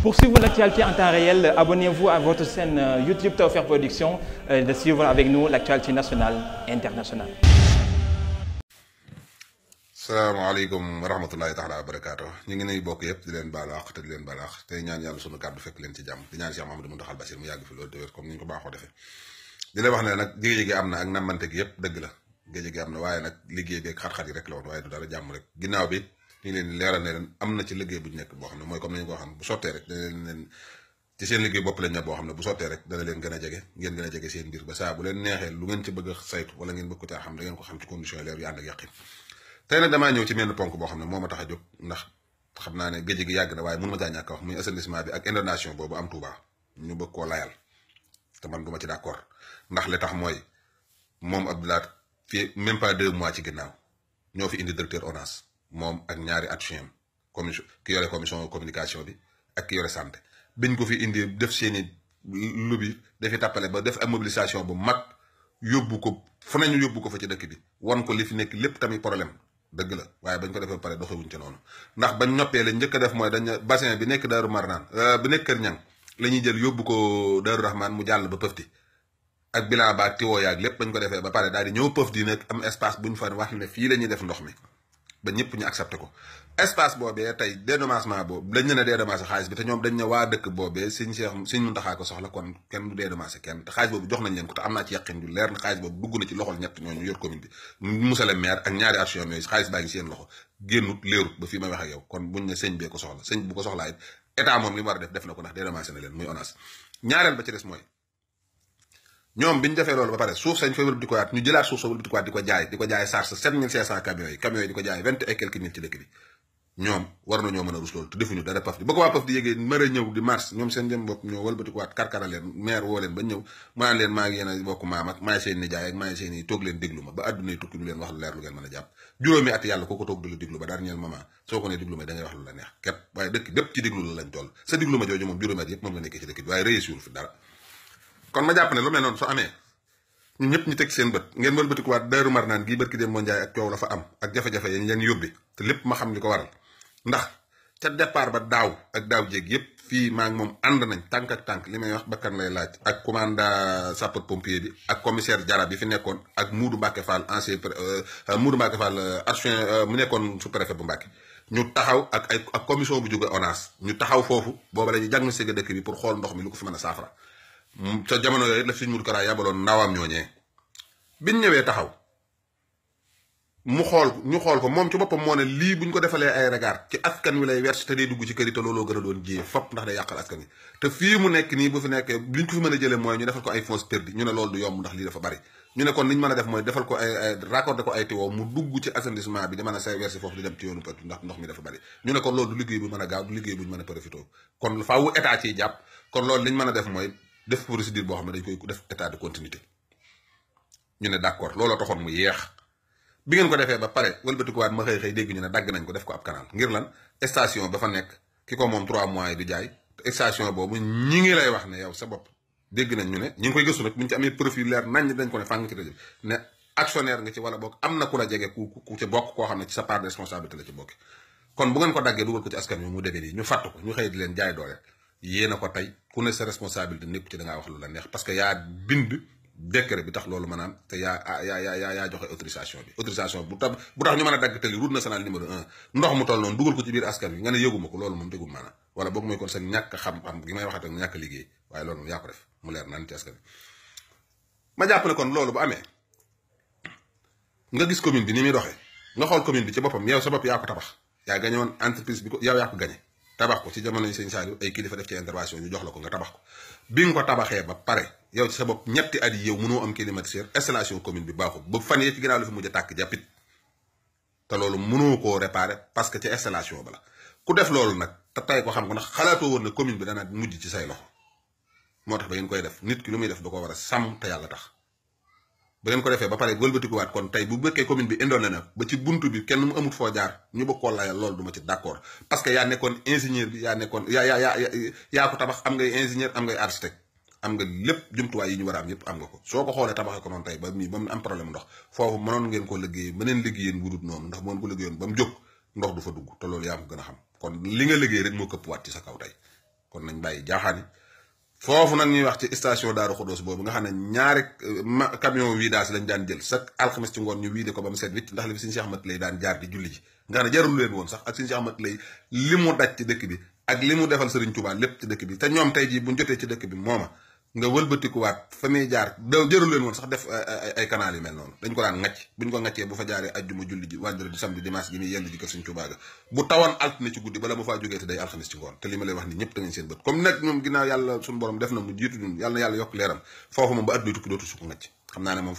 Pour suivre l'actualité en temps réel, abonnez-vous à votre chaîne euh, YouTube Tawfekh Production euh, de suivre avec nous l'actualité nationale et internationale. salaamaaleykum wa ñu ngi nuyu bokk yëpp di leen baalu àq te di leen baalu àq tey fekk leen ci jàmm di ñaan Cheikh Mahamadou Mountakha Bassir mu yàgg fi loolu déwér comme ni ko baaxoo defee di leen wax ne nag géej gi am na ak nammante gi yëpp dëgg la géej gi am na waaye nag liggée bi ak xat yi rek la woon waaye du dara jàmm rek ginnaaw bi ñu leen di leeral ne leen am na ci liggéey bu nekk boo xam ne mooy comme nañu ko xam bu sottee rek dana leen leen ci xam ne bu sottee rek dana leen gën a jege ngeen gën a jege seen mbir ba saa bu leen neexee lu ngeen ci bëgg a saytu wala ngeen bëgg ko caa xam da ngeen a xam naa ne géej gi yàgg na waaye mënu ma caa ñàkk wax muy assainissement bi ak inondation boobu am Touba ñu bëgg koo layal te man du ma ci d'accord ndax li tax mooy moom Abdou Lahad fii même pas deux mois ci ginnaaw ñoo fi indi directeur ONAS moom ak ñaari adjoint am commission ki yore communication bi ak ki yore santé biñ ko fi indi def seeni bi dafi tàppale ba def am mobilisation bu mag yóbbu ko fu nañu yóbbu ko fa ci dëkk bi wan ko li fi nekk lépp tamit problème dëgg la waaye bañ ko defee ba pare ci noonu ndax bañ noppee la njëkk a mooy dañ bassin bi nekk Daaru Marnaan euh, bi nekk Kër la ñuy jël yóbbu ko Daaru Rahman mu jàll ba pëfti ak bilan ba ak tiwoo yaag lépp bañ ko defee ba pare daal di ñëw pëf di nag am espace buñ fa wax ne fii la ñuy def ndox mi ba ñëpp ñu accepté ko espace boobee tey dédommagement boobu dañ ne dédommagé xaalis bi te ñoom dañ ne waa dëkk boobee suñ seex suñ Muntaxa ko soxla kon kenn du dédommagé kenn te xaalis boobu jox na xaalis boobu dugg na ci loxol ñett ñooñu yor commune bi maire ak ñaari action yooyu xaalis baa ngi seen loxo génnut léerut ba fii may wax ak yow kon buñ ne sëñ bee ko soxla sëñ bu ko soxlaa it moom li mu war a def def na ko ndax dédommagé na leen muy ONAS ñaareel ba ñoom bi ñu defee loolu ba pare suuf sañ ñu jëlaat suuf sa wëlbati ko waat di ko jaay di ko jaay sars 7500 camions yi camions yi di ko jaay vingt a rus loolu te defuñu ko ko toog leen lu leer ba daan ñeel mama soo ko ne déglu ma da ngay wax lu la neex képp waaye dëkk bépp ci déglu la lañ toll sa déglu ma jooju moom juróomi at yëpp moom la nekkee ci dëkk waaye réussirul fi dara kon ma jàpp ne lu mel noonu su amee ñun ñëpp ñu teg seen bët ngeen wëlbatikuwaat Daaru Marnaan gii barki dem moo njaay ak coow la fa am ak jafe-jafe yañ leen yóbbi te lépp ma xam li ko waral ndax ca départ ba daaw ak daaw jéeg yëpp fii maa ngi moom ànd nañ tànk tànk li may wax bakkan lay laaj ak commanda sapeur pompier bi ak commissaire Jara bi fi nekkoon ak Moudou Mbacke Fall ancien euh, euh, Moudou Mbacke Fall euh, archivin mu nekkoon sous préfet bu Mbacke ñu taxaw ak ay ak commission bu jóge ONAS ñu taxaw foofu booba la ñu jàng séga dëkk bi pour xool ndox mi lu ko fi mën a saafara Mm, ca jamono yooyu la sëñ Modou Kara yabaloon ndaawaam ñooñee biñ ñu xool ko moom ci boppam ko defalee ay regard ci askan wi doon jiyee ndax day yàqal askan wi te fii mu nekk nii bu fi nekkee liñ ko fi mën a jëlee mooy ñu defal ko ne loolu du yomb ndax lii dafa bari ñu ne kon a def mooy defal ko ay ay dugg ci assainissement bi di mën a say wersi foofu di dem ci yoonu pët ndax ndox mi dafa bari ñu ne kon loolu du liggéey bu mën a gaaw du liggéey buñ mën a profité kon faawu état ciy jàpp kon loolu liñ mën a def mooy def procédure boo xam ne dañ koy def état de continuité ñu ne d' accord looloo taxoon mu yeex bi ngeen ko defee ba pare wëlbatikuwaat ma xëy xëy dégg ñu ne dagg nañ ko def ko ab ngir lan station ba nekk ki ko moom 3 di jaay te boobu ñi ngi lay wax ne yow sa bopp dégg nañ ñu ne ñi ngi koy gëstu nag bu ñu ci amee nañ dañ ko ne fàng ci rajo ne actionnaire nga ci wala boog am na ku la jege ci bokk koo xam ne ci sa part de responsabilité la ci bokk kon bu ngeen ko daggee dugal ko ci askan wi mu demee nii ñu fàtt ko ñu xëy di leen jaay doole yéen a ko tey ku ne sa responsabilité nekk ci da wax lu la neex parce que yaa bind décret bi tax loolu mën a am te yaa yaa yaa yaa bi autorisation bu tax bu tax ñu mën a dagg tëli route nationale numéro ndox mu toll noonu dugal ko ci biir askan bi nga ne yëguma ko loolu moom tegul maanaam wala boog mooy kon sa ñàkk xam-xam gi may waxat ak def mu leer naan ci askan bi ma jàpp ne kon loolu bu amee nga gis commune bi ni muy doxe nga xool commune bi ci boppam yow sa bopp yaa ko tabax yaa gañe woon entreprise bi ko yow yaa ko gañe tabax ko ci jamono yi sëñ Saliou ay kilifa def ci intervention ñu jox la ko nga tabax ko bi nga ko tabaxee ba pare yow ci sa bopp ñetti at yi yow mënoo am climatiseur installation commune bi baaxul ba fan yee ci ginnaaw tàkk jàppit te loolu mënoo koo réparer parce que ci installation ba la ku def loolu nag te tay ko xam ko ndax xalaatoo woon ne commune bi dana mujj ci say loxo moo tax ba ngeen koy def nit ki lu muy def da ko war a sàmm te yàlla tax bu leen ko defee ba pare wëlbatikuwaat kon tey bu bëkkee commune bi indoon na ba ci buntu bi kenn mu amut foo jaar ñu bëgg koo layal du ma ci d'accord parce que yaa nekkoon ingénieur bi yaa nekkoon yaa yaa yaa yaa ko tabax am ngay ingénieur am ngay architecte am nga lépp jumtuwaay yi ñu war a am yépp am nga ko soo ko xoolee tabaxee ko noonu tey ba mii ba mu am problème ndox foofu mënoon ko liggéey beneen liggéeyeen wudut noonu ndax bu ngeen ko liggéeyoon ba mu jóg ndox du fa dugg te loolu yaa ko gën a xam kon li nga liggéey rek moo këppwaat ci sa kaw tey kon nañ bàyyi jaaxaani foofu nag ñuy wax ci station Daaru Xuddoos boobu nga xam ne ñaari euh, camion vidage lañ daan jël chaque alxames ci ngoon ñu vidé ko ba mu seet wicc ndax li fi suñu Cheikh Ahmad lay daan jaar di julli ji nga xam ne jarul leen woon sax ak suñu Cheikh Ahmad lay li mu daj ci dëkk bi ak li mu defal Serigne Touba lépp ci dëkk bi te ñoom tey jii bu ñu jotee ci dëkk bi mooma nga wëlbatikuwaat fa muy jaar da jëru leen woon sax def ay canal yi mel noonu dañ ko daan ngacc buñ ko ngaccee bu fa jaaree ajjuma julli ji vendredi samedi dimanche gi muy yendu ji kër suñ Tuubaa ga bu tawan altine ci guddi bala mu faa jógee te day alxames ci ngoon te li ma lay wax ni ñëpp tamit seen bët comme nag ñoom ginnaaw yàlla suñu borom def na mu jiitu ñun yàlla yàlla yokk leeram foofu moom ba adduna tukki dootu sukk ngacc xam naa ne moom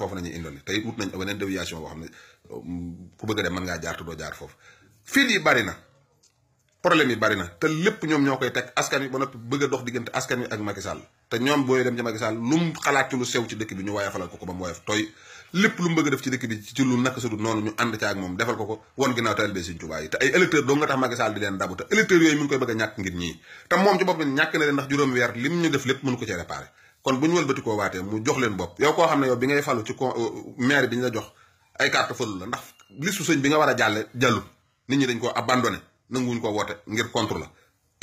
jaar te doo jaar bari na problème yi bari na te lépp ñoom ñoo koy teg askan wi ba noppi bëgg a dox askan wi ak Macky te ñoom booy dem ci Macky Sall lu mu xalaat ci lu sew ci dëkk bi ñu waaye falal ko ko ba mu woyof tooy lépp lu mu bëgg def ci dëkk bi ci lu naka sudut noonu ñu ànd ca ak moom defal ko ko woon ginnaaw te albee Sëñ Tuubaa te ay électeurs doo nga tax Macky di leen dabu te électeurs yooyu mi koy bëgg a ñàkk ngir ñii te moom ci bopp ñàkk na leen ndax juróomi weer lim ñu def lépp mënu ko ci réparé kon bu ñu wëlbati koo waatee mu jox leen bopp yow koo xam ne yow bi ngay euh, jox ay la ndax listu sëñ bi nga war a jàlle jàllu nit ñi dañ ko abandonné nanguwuñ ko woote ngir contre la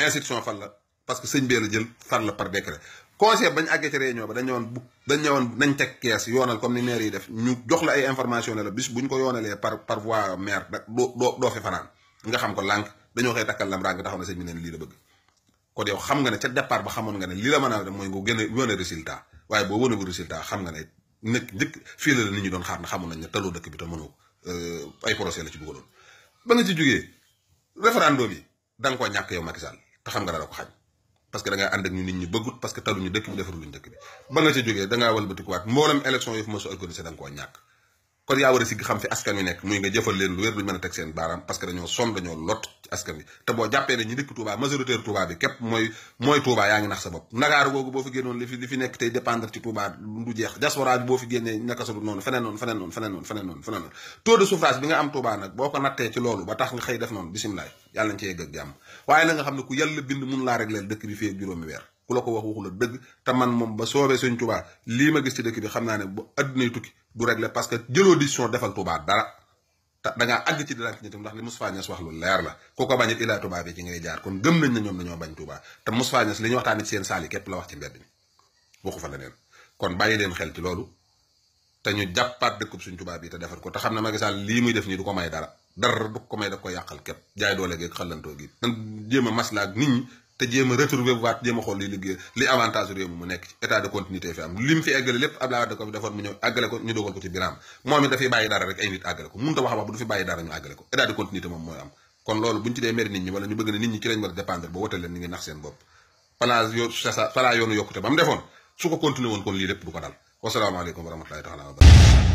institution fal la parce que sëñ bee la jël fal la par décret conseil bañ àggee ci réunion ba dañ ñëwoon bu nañ teg kees yoonal comme ni maire yi def ñu jox la ay information ne la bis doo doo fanaan nga xam ko lànk dañoo xëy takkal lam ràng taxaw na sëñ bi neen lii la bëgg kon yow xam nga ne ca départ ba xamoon nga ne lii la man a def mooy nga gën a wane résultat waaye boo wane bu résultat xam nga ne nekk njëkk fii la la nit ñi doon xaar na xamoon nañ ne taloo dëkk bi te mënoo euh, ay procès la ci dugaloon ba nga ci jógee référendum yi da te xam nga dara ko parce que da ngaa ànd ak ñu nit ñi bëggut parce que taluñu dëkk bi defaruñu dëkk bi ba nga ca jógee da walbatikuwaat mboolem élection yi fu ma sa organisé da nga ñàkk kon yaa war a sigg xam fi askan wi nekk muy nga jëfal leen lu wér duñu mën a teg seen baaraam parce que dañoo som dañoo lot ci askan wi te boo jàppee ne ñi dëkk Touba majoritaire Touba bi képp mooy mooy yaa ngi nax sa bopp Ndakaaru googu boo fi génnee naka sa waaye na nga xam ne ku yàlla bind mun laa régleel dëkk bi fii juróomi weer ku la ko wax waxu la dëgg te man moom ba soobee sëñ Tuubaa lii ma gis ci dëkk bi xam ne bu addunay tukki du réglé parce que jëloo defal Tuubaa dara te da ngaa àgg ci dilaak ñi tam ndax li Moustapha Niass wax lu leer la ku ko bañ it ilaa Tuubaa bi ci ngay jaar kon gëm nañ ne ñoom dañoo bañ Tuubaa te Moustapha Niass li ñu waxtaanee ci seen saal yi képp la wax ci mbedd mi waxu fa leneen kon bàyyi leen xel ci loolu te ñu jàppaat dëkkub suñ Tuubaa bi te defar ko te xam ne Macky Sall lii muy def nii du ko may dara du ko may da ko yàqal képp jaay doole geeg xalantoo gi nan a nit ñi te jéem a retrouver waat jéem a xool li liggéey li avantage réew mi mu nekk ci état de continuité fi am a wax mooy am kon loolu buñu ci dee meri nit ñi wala ñu bëgg ne nit ñi ci lañ war a dépendre ba wote leen ñu ngi nax seen bopp palaa yo sa palaa yoonu yokkute ba mu defoon su ko continué woon kon lii lépp du ko dal wasalaamaaleykum wa rahmatullahi taala wa barakatu